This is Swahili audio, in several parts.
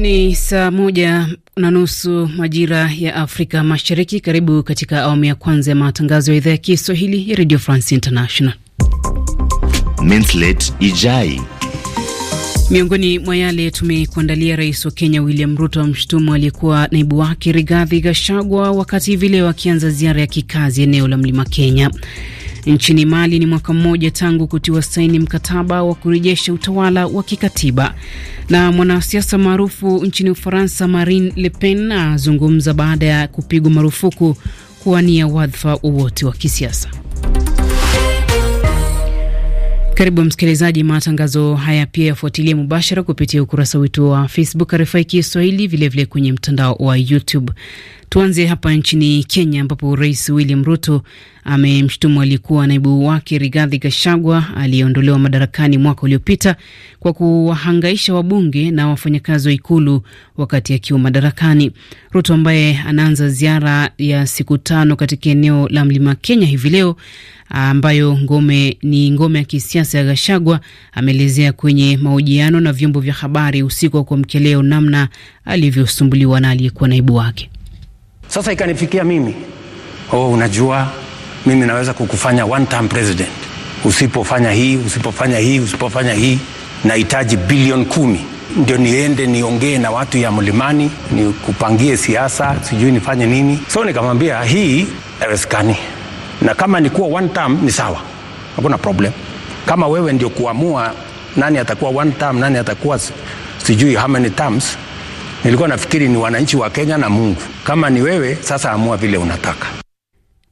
Ni saa moja na nusu majira ya Afrika Mashariki. Karibu katika awamu ya kwanza ya matangazo ya idhaa ya Kiswahili ya Radio France International. Mintlet Ijai. Miongoni mwa yale tumekuandalia, rais wa Kenya William Ruto mshutumu aliyekuwa naibu wake Rigathi gashagwa wakati vile wakianza ziara ya kikazi eneo la mlima Kenya. Nchini Mali ni mwaka mmoja tangu kutiwa saini mkataba wa kurejesha utawala wa kikatiba. Na mwanasiasa maarufu nchini Ufaransa Marine Le Pen azungumza baada ya kupigwa marufuku kuwania wadhifa wowote wa kisiasa. Karibu msikilizaji, matangazo haya pia yafuatilia mubashara kupitia ukurasa wetu wa Facebook RFI Kiswahili, vilevile kwenye mtandao wa YouTube. Tuanze hapa nchini Kenya ambapo Rais William Ruto amemshutumu aliyekuwa naibu wake Rigathi Gachagua aliyeondolewa madarakani mwaka uliopita kwa kuwahangaisha wabunge na wafanyakazi wa ikulu wakati akiwa madarakani. Ruto ambaye anaanza ziara ya siku tano katika eneo la Mlima Kenya hivi leo ambayo ngome ni ngome ya kisiasa ya Gachagua ameelezea kwenye mahojiano na vyombo vya habari usiku wa kuamkia leo namna alivyosumbuliwa na aliyekuwa naibu wake. Sasa ikanifikia mimi, oh, unajua mimi naweza kukufanya one time president usipofanya hii, usipofanya hii, usipofanya hii. Nahitaji bilioni kumi ndio niende niongee na watu ya mlimani, nikupangie siasa, sijui nifanye nini. So nikamwambia hii haiwezekani, na kama nikuwa one term ni sawa, hakuna problem. Kama wewe ndio kuamua nani atakuwa one term, nani atakuwa sijui how many terms Nilikuwa nafikiri ni wananchi wa Kenya na Mungu. Kama ni wewe, sasa amua vile unataka.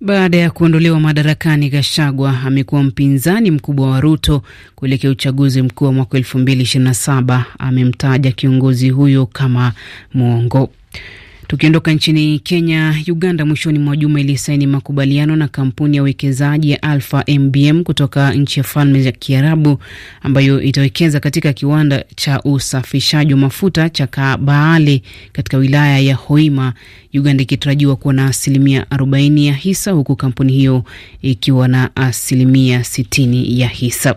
Baada ya kuondolewa madarakani, Gashagwa amekuwa mpinzani mkubwa wa Ruto kuelekea uchaguzi mkuu wa mwaka elfu Amemtaja kiongozi huyo kama mwongo. Tukiondoka nchini Kenya, Uganda mwishoni mwa juma ilisaini makubaliano na kampuni ya uwekezaji ya Alpha MBM kutoka nchi ya Falme za Kiarabu ambayo itawekeza katika kiwanda cha usafishaji wa mafuta cha Kabaale katika wilaya ya Hoima, Uganda ikitarajiwa kuwa na asilimia 40 ya hisa huku kampuni hiyo ikiwa na asilimia 60 ya hisa.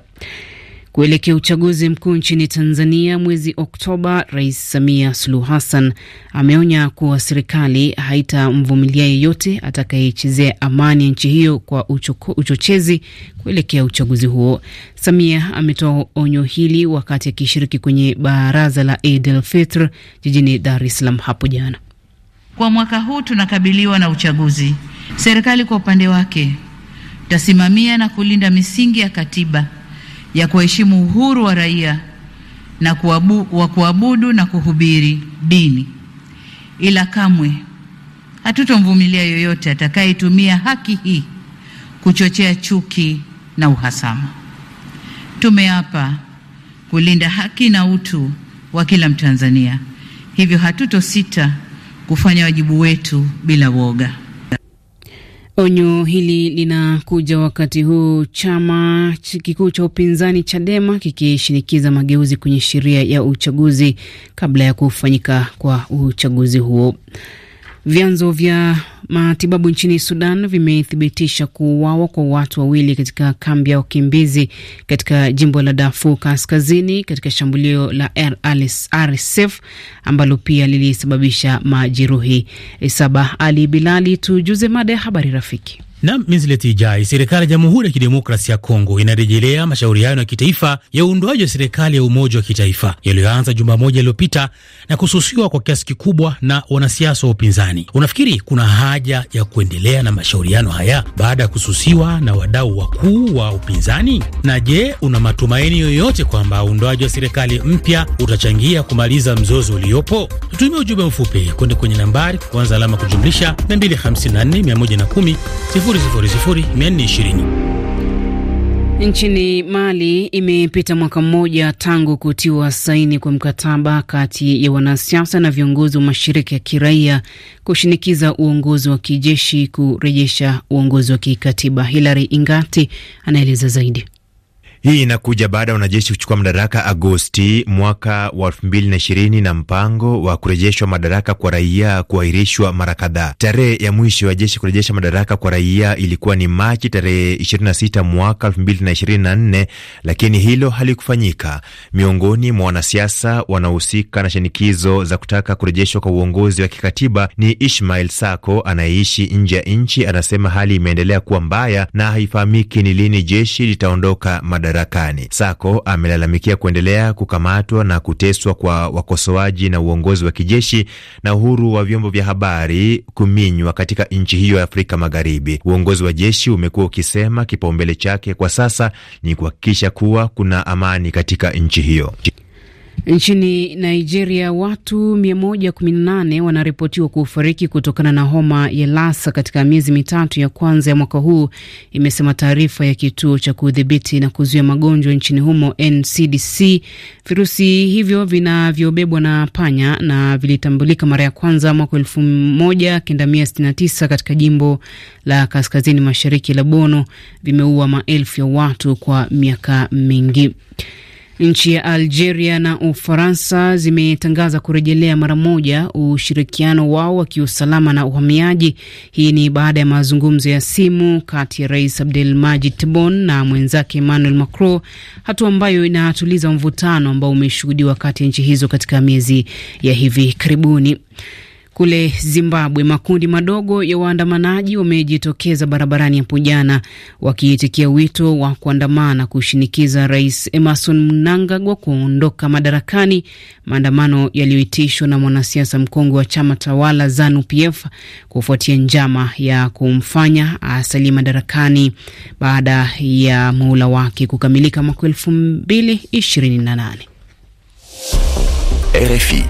Kuelekea uchaguzi mkuu nchini Tanzania mwezi Oktoba, Rais Samia Suluhu Hassan ameonya kuwa serikali haitamvumilia yeyote atakayechezea amani ya nchi hiyo kwa uchoko, uchochezi kuelekea uchaguzi huo. Samia ametoa onyo hili wakati akishiriki kwenye baraza la Eid Fitr jijini Dar es Salaam hapo jana. Kwa mwaka huu tunakabiliwa na uchaguzi. Serikali kwa upande wake tasimamia na kulinda misingi ya katiba ya kuheshimu uhuru wa raia na kuabu, wa kuabudu na kuhubiri dini, ila kamwe hatutomvumilia yoyote atakayetumia haki hii kuchochea chuki na uhasama. Tumeapa kulinda haki na utu wa kila Mtanzania, hivyo hatutosita kufanya wajibu wetu bila woga. Onyo hili linakuja wakati huu chama kikuu cha upinzani Chadema kikishinikiza mageuzi kwenye sheria ya uchaguzi kabla ya kufanyika kwa uchaguzi huo. Vyanzo vya matibabu nchini Sudan vimethibitisha kuuawa kwa watu wawili katika kambi ya wakimbizi katika jimbo la Darfur Kaskazini katika shambulio la RSF ambalo pia lilisababisha majeruhi saba. Ali Bilali, tujuze mada ya habari rafiki. Na mizileti ijai, serikali ya Jamhuri ya Kidemokrasi ya Kongo inarejelea mashauriano ya kitaifa ya uundwaji wa serikali ya umoja wa kitaifa yaliyoanza juma moja iliyopita na kususiwa kwa kiasi kikubwa na wanasiasa wa upinzani. Unafikiri kuna haja ya kuendelea na mashauriano haya baada ya kususiwa na wadau wakuu wa upinzani? Na je, una matumaini yoyote kwamba uundwaji wa serikali mpya utachangia kumaliza mzozo uliopo? Tutumie ujumbe mfupi kwende kwenye nambari kwanza alama kujumlisha 254 110 Nchini Mali imepita mwaka mmoja tangu kutiwa saini kwa mkataba kati ya wanasiasa na viongozi wa mashirika ya kiraia kushinikiza uongozi wa kijeshi kurejesha uongozi wa kikatiba. Hilary Ingati anaeleza zaidi. Hii inakuja baada ya wanajeshi kuchukua madaraka Agosti mwaka wa elfu mbili na ishirini na mpango wa kurejeshwa madaraka kwa raia kuahirishwa mara kadhaa. Tarehe ya mwisho ya jeshi kurejesha madaraka kwa raia ilikuwa ni Machi tarehe 26 mwaka elfu mbili na ishirini na nne, lakini hilo halikufanyika. Miongoni mwa wanasiasa wanaohusika na shinikizo za kutaka kurejeshwa kwa uongozi wa kikatiba ni Ishmael Sako anayeishi nje ya nchi. Anasema hali imeendelea kuwa mbaya na haifahamiki ni lini jeshi litaondoka madaraka madarakani. Sako amelalamikia kuendelea kukamatwa na kuteswa kwa wakosoaji na uongozi wa kijeshi na uhuru wa vyombo vya habari kuminywa katika nchi hiyo ya Afrika Magharibi. Uongozi wa jeshi umekuwa ukisema kipaumbele chake kwa sasa ni kuhakikisha kuwa kuna amani katika nchi hiyo. Nchini Nigeria watu 118 wanaripotiwa kufariki kutokana na homa ya Lassa katika miezi mitatu ya kwanza ya mwaka huu, imesema taarifa ya kituo cha kudhibiti na kuzuia magonjwa nchini humo NCDC. Virusi hivyo vinavyobebwa na panya na vilitambulika mara ya kwanza mwaka 1969 katika jimbo la kaskazini mashariki la Bono, vimeua maelfu ya watu kwa miaka mingi. Nchi ya Algeria na Ufaransa zimetangaza kurejelea mara moja ushirikiano wao wa kiusalama na uhamiaji. Hii ni baada ya mazungumzo ya simu kati ya Rais abdel maji Tebboune na mwenzake Emmanuel Macron, hatua ambayo inatuliza mvutano ambao umeshuhudiwa kati ya nchi hizo katika miezi ya hivi karibuni. Kule Zimbabwe, makundi madogo ya waandamanaji wamejitokeza barabarani hapo jana wakiitikia wito wa kuandamana kushinikiza Rais Emerson Mnangagwa kuondoka madarakani, maandamano yaliyoitishwa na mwanasiasa mkongwe wa chama tawala ZANU-PF kufuatia njama ya kumfanya asalie madarakani baada ya muhula wake kukamilika mwaka 228 RFI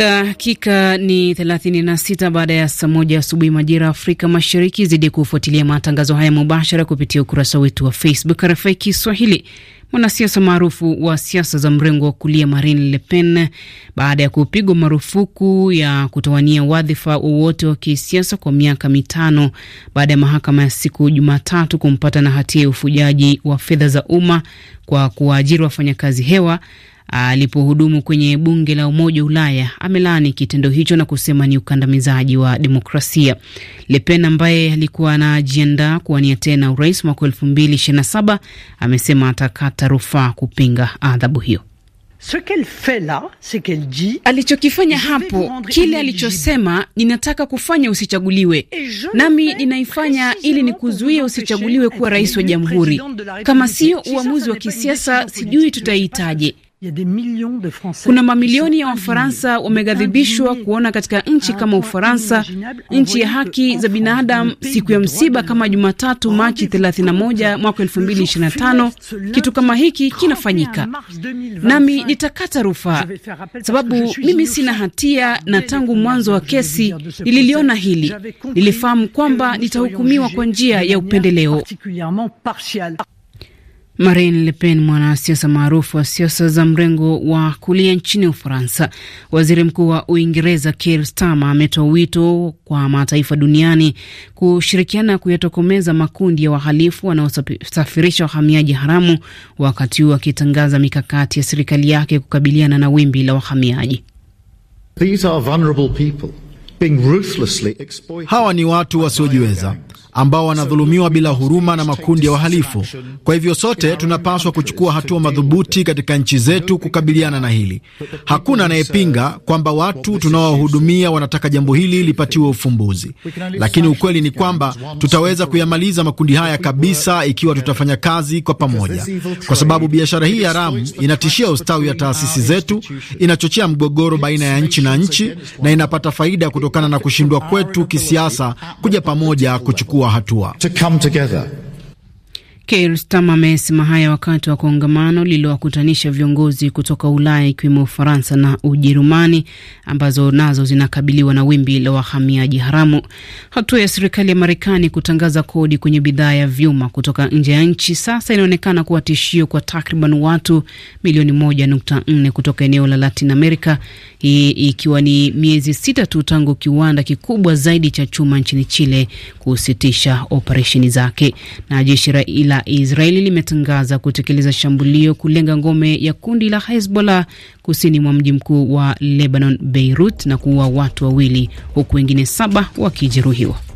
Dakika ni 36 baada ya saa moja asubuhi majira ya Afrika Mashariki. Zidi kufuatilia matangazo haya mubashara kupitia ukurasa wetu wa Facebook RFI Kiswahili. Mwanasiasa maarufu wa siasa za mrengo wa kulia Marine Le Pen, baada ya kupigwa marufuku ya kutowania wadhifa wowote wa kisiasa kwa miaka mitano baada ya mahakama ya siku Jumatatu kumpata na hatia ya ufujaji wa fedha za umma kwa kuwaajiri wafanyakazi hewa alipohudumu kwenye bunge la Umoja wa Ulaya amelaani kitendo hicho na kusema ni ukandamizaji wa demokrasia. Le Pen ambaye alikuwa anajiandaa kuwania tena urais mwaka elfu mbili ishirini na saba amesema atakata rufaa kupinga adhabu hiyo. Alichokifanya hapo, kile alichosema, ninataka kufanya usichaguliwe, nami ninaifanya ili ni kuzuia usichaguliwe kuwa rais wa jamhuri. Kama sio uamuzi wa kisiasa, sijui tutaitaje. Kuna mamilioni ya Wafaransa wameghadhibishwa kuona katika nchi kama Ufaransa, nchi ya haki za binadamu, siku ya msiba kama Jumatatu Machi 31 mwaka 2025 kitu kama hiki kinafanyika, nami nitakata rufaa, sababu mimi sina hatia, na tangu mwanzo wa kesi nililiona hili, nilifahamu kwamba nitahukumiwa kwa njia ya upendeleo. Marine Le Pen, mwanasiasa maarufu wa siasa za mrengo wa kulia nchini Ufaransa. Waziri Mkuu wa Uingereza Keir Starmer ametoa wito kwa mataifa duniani kushirikiana kuyatokomeza makundi ya wahalifu wanaosafirisha wahamiaji haramu, wakati huu akitangaza mikakati ya serikali yake kukabiliana na wimbi la wahamiaji. These are vulnerable people being ruthlessly exploited. Hawa ni watu wasiojiweza ambao wanadhulumiwa bila huruma na makundi ya wahalifu. Kwa hivyo sote tunapaswa kuchukua hatua madhubuti katika nchi zetu kukabiliana na hili. Hakuna anayepinga kwamba watu tunaowahudumia wanataka jambo hili lipatiwe ufumbuzi, lakini ukweli ni kwamba tutaweza kuyamaliza makundi haya kabisa ikiwa tutafanya kazi kwa pamoja, kwa sababu biashara hii haramu inatishia ustawi wa taasisi zetu, inachochea mgogoro baina ya nchi na nchi, na inapata faida kutokana na kushindwa kwetu kisiasa kuja pamoja kuchukua kuchukua hatua to come together Keir Starmer amesema haya wakati wa kongamano lililowakutanisha viongozi kutoka Ulaya ikiwemo Ufaransa na Ujerumani ambazo nazo zinakabiliwa na wimbi la wahamiaji haramu. Hatua ya serikali ya Marekani kutangaza kodi kwenye bidhaa ya vyuma kutoka nje ya nchi sasa inaonekana kuwa tishio kwa takriban watu milioni 1.4 kutoka eneo la Latin America, hii ikiwa ni miezi sita tu tangu kiwanda kikubwa zaidi cha chuma nchini Chile kusitisha operesheni zake na jeshi la Israeli limetangaza kutekeleza shambulio kulenga ngome ya kundi la Hezbollah kusini mwa mji mkuu wa Lebanon, Beirut, na kuua watu wawili huku wengine saba wakijeruhiwa.